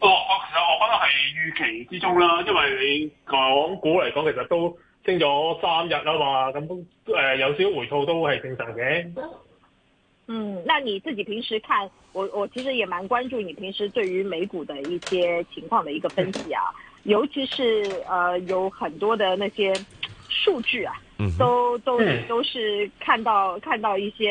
我我、哦、其實我覺得係預期之中啦，因為你港股嚟講，講其實都升咗三日啦嘛，咁誒、呃、有少回吐都係正常嘅。嗯，那你自己平時看，我我其實也蠻關注你平時對於美股的一些情況的一個分析啊，嗯、尤其是呃有很多的那些數據啊，嗯、哼都都都是看到看到一些。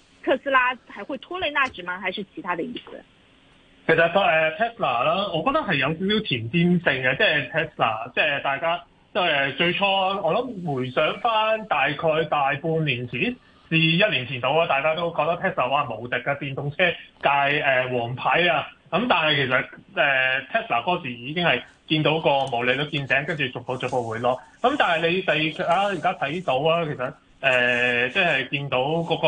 特斯拉還會拖累納指嗎？還是其他的意思？其實個誒 Tesla 啦，我覺得係有少少前瞻性嘅，即係 Tesla，即係大家即係最初，我諗回想翻大概大半年前至一年前到啊，大家都覺得 Tesla 哇無敵嘅電動車界誒黃牌啊，咁但係其實誒 Tesla 嗰時已經係見到個毛利率見頂，跟住逐步逐步回落，咁但係你第二，啊而家睇到啊，其實。誒，即係、呃就是、見到嗰個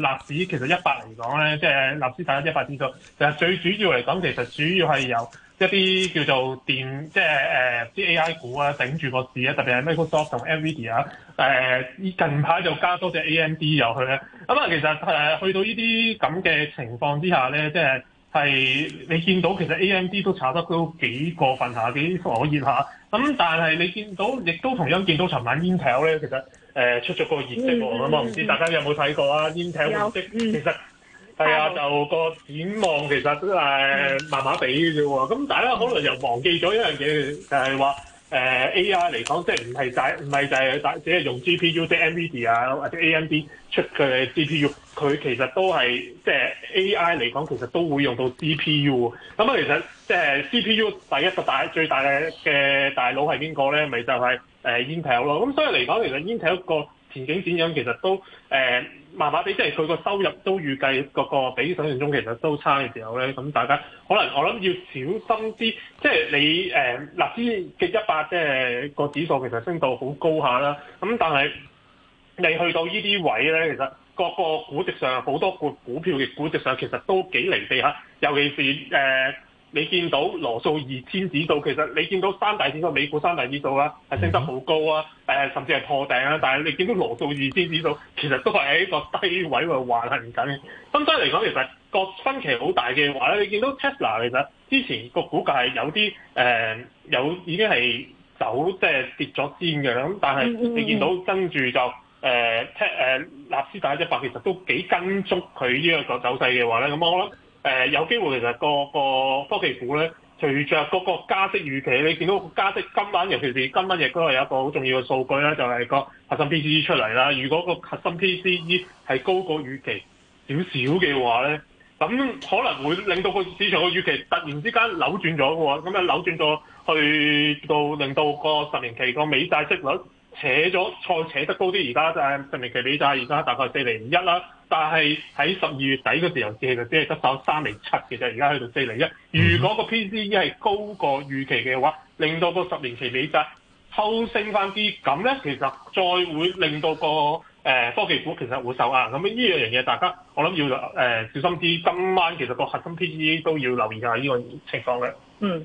納指其實一百嚟講咧，即、就、係、是、納斯達克一百指數，其、就、實、是、最主要嚟講，其實主要係由一啲叫做電，即係誒啲 AI 股啊，頂住個市啊，特別係 Microsoft 同 Nvidia 啊，近排就加多隻 AMD 入去咧、啊。咁、嗯、啊，其實、呃、去到呢啲咁嘅情況之下咧，即係係你見到其實 AMD 都炒得都幾過分下，幾火熱下。咁、嗯、但係你見到，亦都同樣見到，尋晚 Intel 咧，其實。誒出咗個熱色喎，咁啊我唔知大家有冇睇過啊？Intel 黃色，有其實係啊，就個展望其實都係麻麻地嘅啫喎。咁、嗯、大家可能又忘記咗一樣嘢，就係話誒 A I 嚟講，即係唔係大唔係就係、是、大只，只用 G P U 即係 NVIDIA 啊或者 A M D 出嘅 G P U，佢其實都係即係 A I 嚟講，其實都會用到 G P U。咁啊，其實即係 C P U 第一個大最大嘅嘅大佬係邊個咧？咪就係、是。誒 Intel 咯，咁所以嚟講，其實 Intel 個前景點樣，其實都誒麻麻地，即係佢個收入都預計個個比想像中其實都差嘅時候咧，咁大家可能我諗要小心啲，即係你誒嗱，先嘅一百，即係個指數其實升到好高下啦，咁但係你去到呢啲位咧，其實個個估值上好多股股票嘅估值上其實都幾離地下，尤其是誒。呃你見到羅素二千指數，其實你見到三大指數、美股三大指數啦，係升得好高啊！Mm hmm. 甚至係破頂啊！但係你見到羅素二千指數，其實都係喺一個低位嘅橫行緊。咁所以嚟講，其實個分歧好大嘅話咧，你見到 Tesla 其實之前個股價係有啲誒、呃，有已經係走即係、就是、跌咗先嘅咁，但係你見到跟住就誒 Tesla 納斯達克一百，其實都幾跟足佢呢個走勢嘅話咧，咁我諗誒有機會其實個個科技股咧，隨著個個加息預期，你見到加息今晚尤其是今晚亦都係有一個好重要嘅數據呢，就係個核心 PCE 出嚟啦。如果個核心 PCE 係高過預期少少嘅話咧，咁可能會令到個市場嘅預期突然之間扭轉咗嘅喎。咁啊扭轉咗去到令到個十年期個美債息率扯咗再扯得高啲。而家就係十年期美債而家大概四釐五一啦。但係喺十二月底嗰時候，由借就只係得手三釐七嘅啫，而家去到四釐一。如果個 PCE 係高過預期嘅話，令到個十年期美債抽升翻啲咁咧，其實再會令到、個誒、呃、科技股其實會受壓。咁呢樣嘢大家我諗要誒小、呃、心啲。今晚其實個核心 PCE 都要留意一下呢個情況嘅。嗯。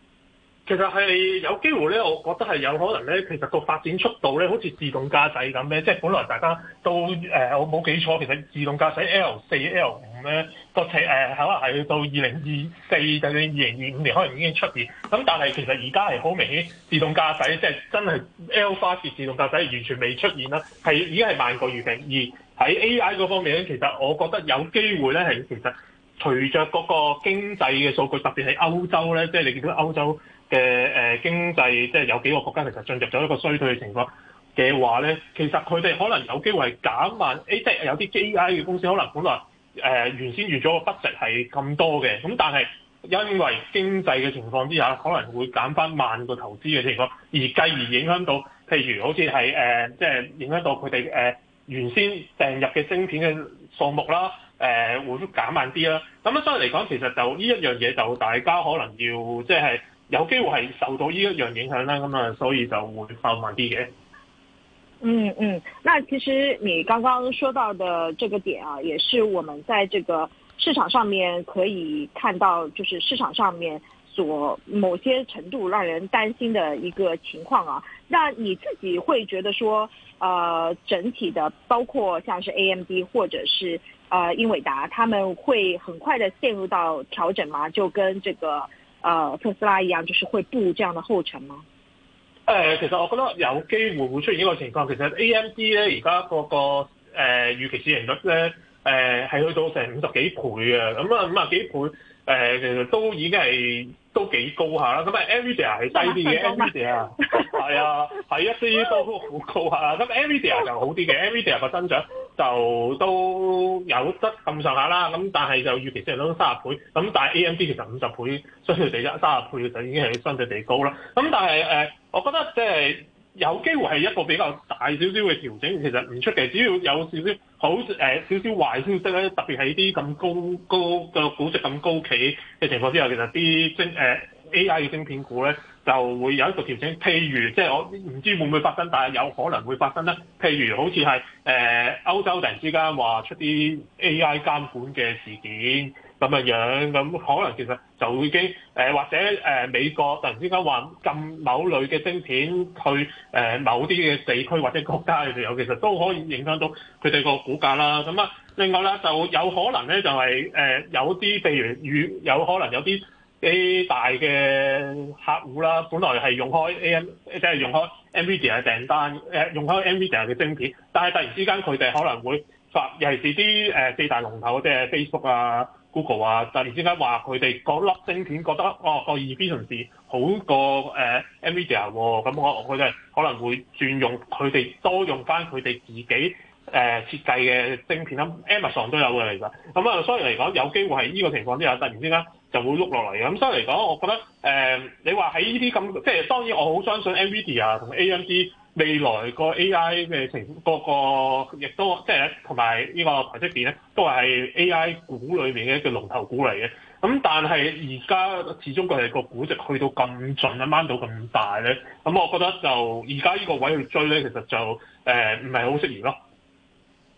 其實係有機會咧，我覺得係有可能咧。其實個發展速度咧，好似自動駕駛咁咧，即係本來大家都誒、呃，我冇記錯，其實自動駕駛 L 四、L 五咧，個車誒可能係到二零二四，就算二零二五年可能已經出現。咁但係其實而家係好明顯，自動駕駛即係真係 L 五自動駕駛，完全未出現啦，已經係萬個預警。而喺 AI 嗰方面咧，其實我覺得有機會咧，係其實隨着嗰個經濟嘅數據，特別係歐洲咧，即係你見到歐洲嘅誒經濟即係、就是、有幾個國家其實進入咗一個衰退嘅情況嘅話咧，其實佢哋可能有機會減慢誒，即、欸、係、就是、有啲 AI 嘅公司可能本來誒、呃、原先原預咗個 budget 係咁多嘅，咁但係因為經濟嘅情況之下，可能會減翻萬個投資嘅情況，而繼而影響到譬如好似係誒即係影響到佢哋誒原先訂入嘅芯片嘅數目啦，誒、呃、會減慢啲啦。咁啊，所以嚟講，其實就呢一樣嘢就大家可能要即係。就是有機會係受到呢一樣影響啦，咁啊，所以就會放慢啲嘅。嗯嗯，那其實你剛剛說到的這個點啊，也是我們在這個市場上面可以看到，就是市場上面所某些程度讓人擔心的一個情況啊。那你自己會覺得說，呃，整體的包括像是 AMD 或者是，呃，英偉達，他們會很快的陷入到調整嗎？就跟這個，呃，特斯拉一樣，就是會步這樣的後塵嗎？其實我覺得有機會會出現呢個情況。其實 AMD 咧，而家個個預期市盈率咧，係、呃、去到成五十幾倍的、嗯、幾倍啊。咁、呃、啊，五十幾倍其實都已經係都幾高下。咁啊，Nvidia 係低啲嘅，Nvidia 係啊，係一啲都好高下。咁 Nvidia 就好啲嘅，Nvidia 個增長。就都有得咁上下啦，咁但係就預期先係攞三十倍，咁但係 A M D 其實五十倍，相對地一三十倍就已經係相對地高啦。咁但係我覺得即係有機會係一個比較大少少嘅調整，其實唔出奇。只要有少少好、呃、少好少少壞消息咧，特別係啲咁高高嘅估值咁高企嘅情況之下，其實啲晶、呃、A I 嘅晶片股咧。就會有一個調整，譬如即係我唔知會唔會發生，但係有可能會發生咧。譬如好似係誒歐洲突然之間話出啲 AI 監管嘅事件咁樣樣，咁可能其實就已經、呃、或者、呃、美國突然之間話禁某類嘅晶片去、呃、某啲嘅地區或者國家嘅時候，其實都可以影響到佢哋個股價啦。咁啊，另外咧就有可能咧就係、是呃、有啲譬如有，有可能有啲。幾大嘅客戶啦，本來係用開 A M，即係用開 Nvidia 嘅訂單誒用開 Nvidia 嘅晶片，但係突然之間佢哋可能會發，尤其是啲誒四大龍頭，即係 Facebook 啊、Google 啊，突然之間話佢哋嗰粒晶片覺得哦、嗰個 Efficiency 好過誒 Nvidia 喎、哦，咁可能佢哋可能會轉用佢哋多用翻佢哋自己。誒、呃、設計嘅晶片 Amazon 都有嘅其實，咁啊，所以嚟講有機會係呢個情況之下，突然之間就會碌落嚟嘅。咁、啊、所以嚟講，我覺得誒、呃，你話喺呢啲咁，即、嗯、係、就是、當然我好相信 NVIDIA 啊同 AMD 未來個 AI 嘅情，個個亦都即係同埋呢個台積電咧，都係 AI 股裏面嘅一個龍頭股嚟嘅。咁、啊、但係而家始終佢係個估值去到咁盡，掹到咁大咧，咁、啊、我覺得就而家呢個位去追咧，其實就誒唔係好適宜咯。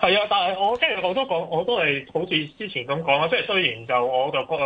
係啊，但係我即係我都講，我都係好似之前咁講啦。即係雖然就我就覺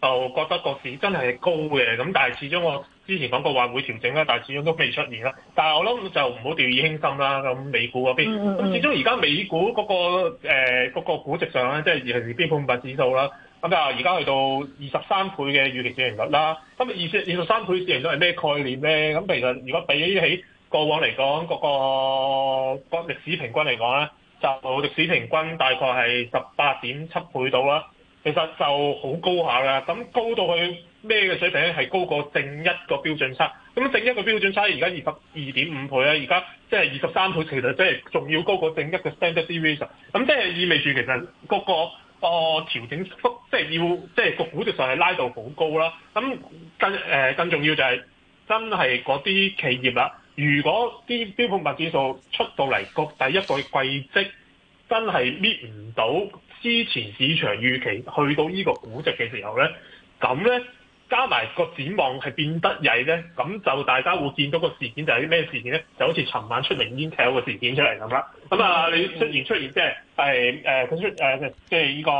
就覺得個市真係高嘅，咁但係始終我之前講過話會調整啦，但係始終都未出現啦。但係我諗就唔好掉以輕心啦。咁美股嗰邊，咁、mm hmm. 始終而家美股嗰、那個誒嗰、呃那個估值上咧，即係二、尤其是標普五百指數啦，咁啊而家去到二十三倍嘅預期市盈率啦。咁二十二十三倍市盈率係咩概念咧？咁其實如果比起過往嚟講，嗰、那個、那個歷史平均嚟講咧。就歷史平均大概係十八點七倍到啦，其實就好高下啦。咁高到去咩嘅水平咧？係高過正一個標準差。咁正一個標準差而家二十二點五倍啦，而家即係二十三倍，倍其實即係仲要高過正一個 standard deviation。咁即係意味住其實、那個個個、哦、調整幅，即、就、係、是、要即係、就是就是、個估值上係拉到好高啦。咁更、呃、更重要就係真係嗰啲企業啦。如果啲標普物指數出到嚟個第一個季績真係搣唔到之前市場預期去到呢個估值嘅時候咧，咁咧加埋個展望係變得曳咧，咁就大家會見到個事件就係啲咩事件咧，就好似尋晚出嚟掀起一個事件出嚟咁啦。咁啊，你出現出現即係係誒出誒即係呢個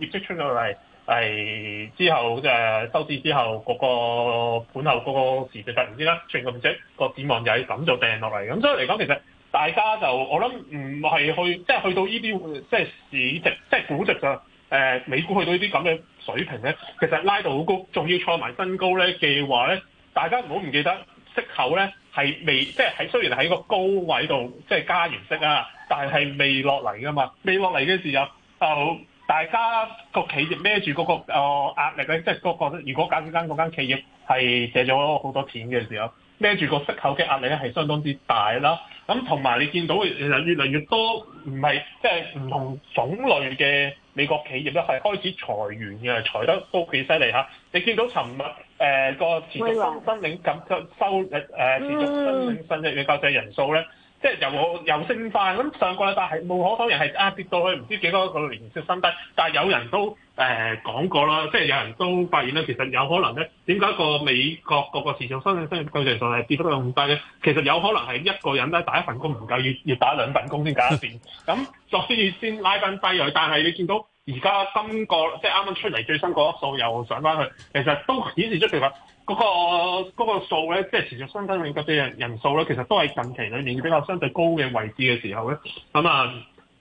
業績出到嚟。係、哎、之後，即係收市之後，嗰、那個盤後嗰個時值突然之間全不、那個面積個展望就係咁就掟落嚟嘅。咁所以嚟講，其實大家就我諗唔係去，即係去到呢啲，即係市值，即係估值嘅誒、呃、美股去到呢啲咁嘅水平咧，其實拉到好高，仲要創埋新高咧嘅話咧，大家唔好唔記得息口咧係未？即係喺雖然喺個高位度即係加完息啊，但係未落嚟㗎嘛，未落嚟嘅時候就。呃大家個企業孭住嗰個壓壓力咧，即係嗰個如果間間嗰間企業係借咗好多錢嘅時候，孭住個息口嘅壓力咧係相當之大啦。咁同埋你見到其實越嚟越多唔係即係唔同種類嘅美國企業咧，係開始裁員嘅，裁得都幾犀利吓，你見到尋日誒個持續申領緊收誒誒、呃、持續申領申嘅救濟人數咧？即係由我由升翻咁上個禮拜係無可否認係啊，跌到去唔知幾多個連續新低，但係有人都誒、呃、講過啦，即係有人都發現咧，其實有可能咧，點解個美國個個市場相對上係跌得咁低咧？其實有可能係一個人咧打一份工唔夠，要要打兩份工先搞得掂，咁作先要先拉翻低佢，但係你見到。而家今個即係啱啱出嚟最新嗰個數又上翻去，其實都顯示出嚟話嗰個嗰個數咧，即係持續新增嘅人人數咧，其實都係近期裡面比較相對高嘅位置嘅時候咧。咁啊，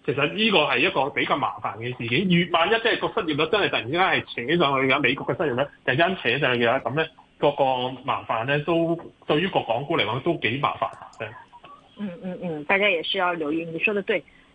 其實呢個係一個比較麻煩嘅事件。越萬一即係個失業率真係突然之間係扯上去，而家美國嘅失業率突然間扯上去咧，咁咧各個麻煩咧都對於個港股嚟講都幾麻煩嘅。嗯嗯嗯，大家也需要留意，你說得對。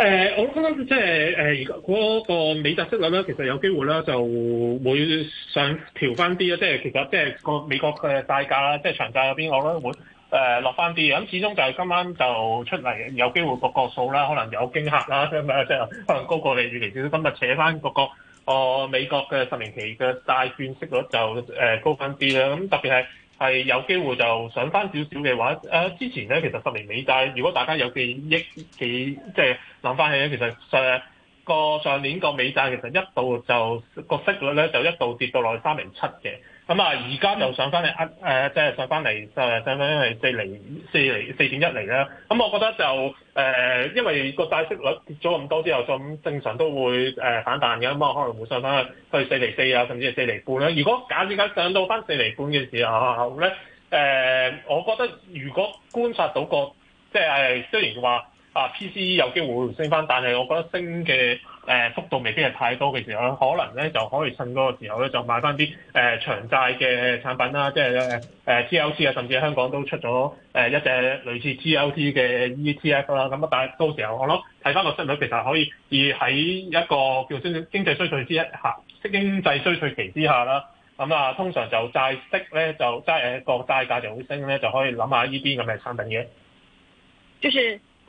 誒、呃，我剛剛即係誒，嗰、呃那個美債息率咧，其實有機會咧就會上調返啲啦。即係其實即係美國嘅債價啦，即係長債嗰邊，我覺得會誒、呃、落返啲。咁始終就係今晚就出嚟有機會個個數啦，可能有驚嚇啦，即係、就是、可能高過你預期少少。今日扯返、那個個個、呃、美國嘅十年期嘅債券息率就誒、呃、高返啲啦。咁特別係。係有機會就上翻少少嘅話，誒、啊、之前咧其實十年美債，如果大家有記憶記，即係諗翻起咧，其實上個上年個美債其實一度就個息率咧就一度跌到落去三釐七嘅，咁啊而家就上翻嚟，呃即係上翻嚟、啊、就係、上翻嚟四釐四釐四點一釐啦，咁、啊、我覺得就。誒、呃，因為個債息率跌咗咁多之後，咁正常都會、呃、反彈嘅，咁可能會上翻去去四厘四啊，甚至係四厘半啦。如果假設而家上到翻四厘半嘅時候咧、呃，我覺得如果觀察到個即係、呃、雖然話啊，P C E 有機會升翻，但係我覺得升嘅。誒幅度未必係太多嘅時候，可能咧就可以趁嗰個時候咧，就買翻啲誒長債嘅產品啦，即係誒誒 TLT 啊，甚至香港都出咗誒一隻類似 TLT 嘅 ETF 啦。咁啊，但係到時候我諗睇翻個息率，其實可以而喺一個叫經濟經濟衰退之下，即經濟衰退期之下啦，咁啊，通常就債息咧就即係國債價就會升咧，就可以諗下呢邊咁嘅產品嘅。就是。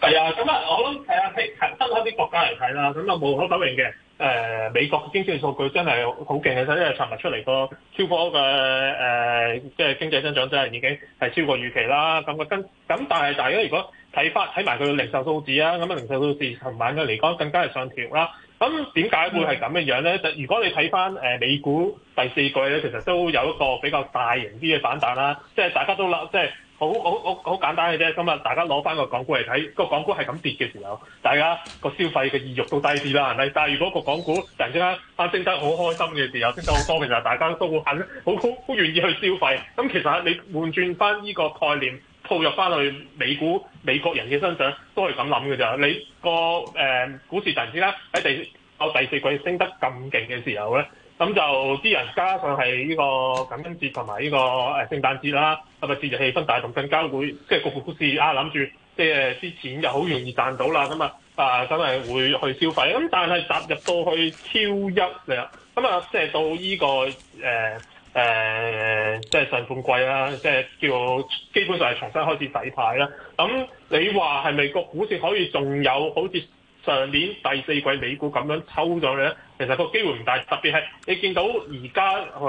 係啊，咁啊，我諗係啊，係係分開啲國家嚟睇啦，咁又冇可否認嘅。誒、呃，美國嘅經濟數據真係好勁嘅，因為尋日出嚟個超過嘅誒，即、呃、係、就是、經濟增長真係已經係超過預期啦。咁個跟咁但係，大家如果睇翻睇埋佢嘅零售數字啊，咁嘅零售數字琴晚嘅嚟講更加係上調啦。咁點解會係咁嘅樣咧？就如果你睇翻誒美股第四季咧，其實都有一個比較大型啲嘅反彈啦，即、就、係、是、大家都諗，即、就、係、是。好好好好簡單嘅啫，今日大家攞翻個港股嚟睇，個港股係咁跌嘅時候，大家個消費嘅意欲都低啲啦，係咪？但係如果個港股突然之間升得好開心嘅時候，升得好多嘅時候，大家都好肯好好願願意去消費。咁其實你換轉翻呢個概念，套入翻去美股美國人嘅身上，都係咁諗嘅咋。你個誒、嗯、股市突然之間喺第我第四季升得咁勁嘅時候咧。咁就啲人加上係呢個感恩節同埋呢個誒聖誕節啦，係咪節日氣氛大，同更加會即係個股市啊諗住即係啲錢就好容易賺到啦，咁啊啊真係會去消費。咁但係踏入到去超一兩，咁啊即係到呢個誒誒，即係、這個呃呃、上半季啦，即係叫基本上係重新開始洗牌啦。咁你話係咪個股市可以仲有好似上年第四季美股咁樣抽咗咧？其實個機會唔大，特別係你見到而家誒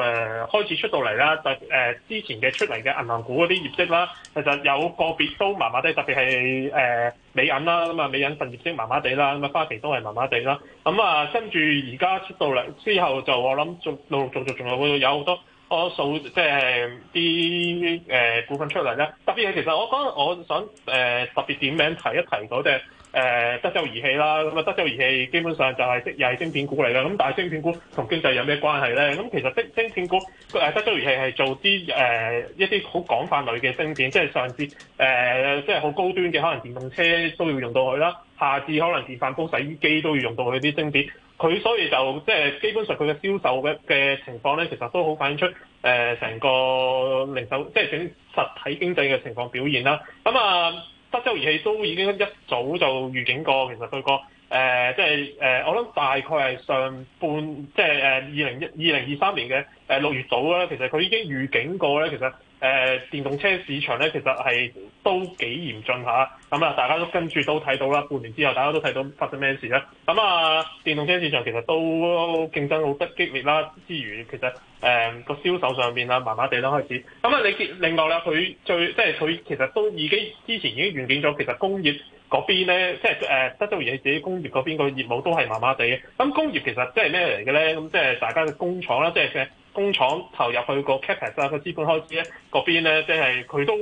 開始出到嚟啦，就誒、是呃、之前嘅出嚟嘅銀行股嗰啲業績啦，其實有個別都麻麻地，特別係誒、呃、美銀啦，咁啊美銀份業績麻麻地啦，咁啊花旗都係麻麻地啦，咁啊跟住而家出到嚟之後就，就我諗仲陸陸續續仲有會有好多個數，即係啲誒股份出嚟啦。特別係其實我講我想誒、呃、特別點名提一提嗰隻誒德州儀器啦，咁啊德州儀器基本上就係即又係晶片股嚟啦。咁但係晶片股同經濟有咩關係咧？咁其實晶晶片股，誒德州儀器係做啲誒一啲好、呃、廣泛類嘅芯片，即、就、係、是、上至誒即係好高端嘅，可能電動車都要用到佢啦，下至可能電飯煲、洗衣機都要用到佢啲芯片。佢所以就即係、就是、基本上佢嘅銷售嘅嘅情況咧，其實都好反映出誒成、呃、個零售即係、就是、整實體經濟嘅情況表現啦。咁啊～德州儀器都已經一早就預警過，其實佢個誒即係誒，我諗大概係上半即係誒二零一二零二三年嘅誒六月度咧，其實佢已經預警過咧，其實。誒、呃、電動車市場咧，其實係都幾嚴峻下，咁啊大家都跟住都睇到啦。半年之後，大家都睇到發生咩事啦。咁啊，電動車市場其實都競爭好得激烈啦，之餘其實誒個、啊、銷售上面啊，麻麻地啦開始。咁啊，你另外啦，佢最即係佢其實都已經之前已經預警咗，其實工業嗰邊咧，即係得到州嘢自己工業嗰邊個業務都係麻麻地。咁、啊、工業其實是即係咩嚟嘅咧？咁即係大家嘅工廠啦，即係工廠投入去個 capex 啊，個資本開支咧嗰邊咧，即係佢都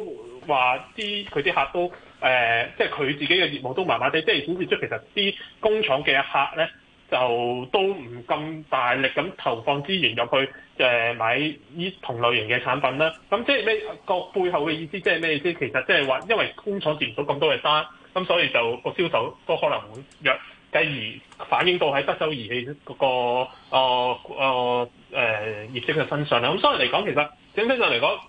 話啲佢啲客都誒，即係佢自己嘅業務都麻麻地，即係顯示出其實啲工廠嘅客咧就都唔咁大力咁投放資源入去誒、呃、買呢同類型嘅產品啦。咁即係咩個背後嘅意思？即係咩意思？其實即係話因為工廠接唔到咁多嘅單，咁所以就個銷售都可能會弱。繼而反映到喺德州儀器嗰個哦哦誒業績嘅身上啦，咁所以嚟講，其實整體上嚟講，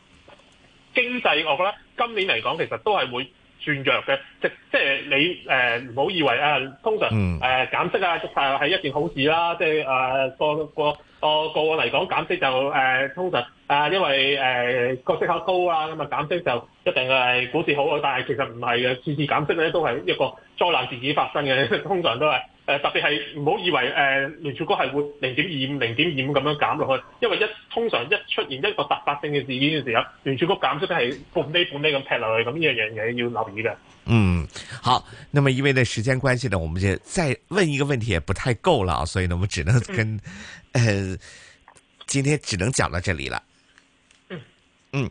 經濟我覺得今年嚟講其實都係會轉弱嘅，即即係你誒唔好以為啊，通常誒、呃、減息啊，誒係一件好事啦。即係誒、呃、個個個個案嚟講減息就誒、呃、通常啊、呃，因為誒個、呃、息口高啊，咁啊減息就一定係股市好啊。但係其實唔係嘅，次次減息咧都係一個災難事件發生嘅，通常都係。誒、呃，特別係唔好以為誒聯儲局係會零點二五、零點二五咁樣減落去，因為一通常一出現一個突發性嘅事件嘅時候，聯儲局減息都係半厘半厘咁劈落去，咁呢樣樣嘢要留意噶。嗯，好，那麼因為呢時間關係呢，我們就再問一個問題也不太夠啦，所以呢，我們只能跟，誒、嗯呃，今天只能講到這裏啦。嗯。嗯。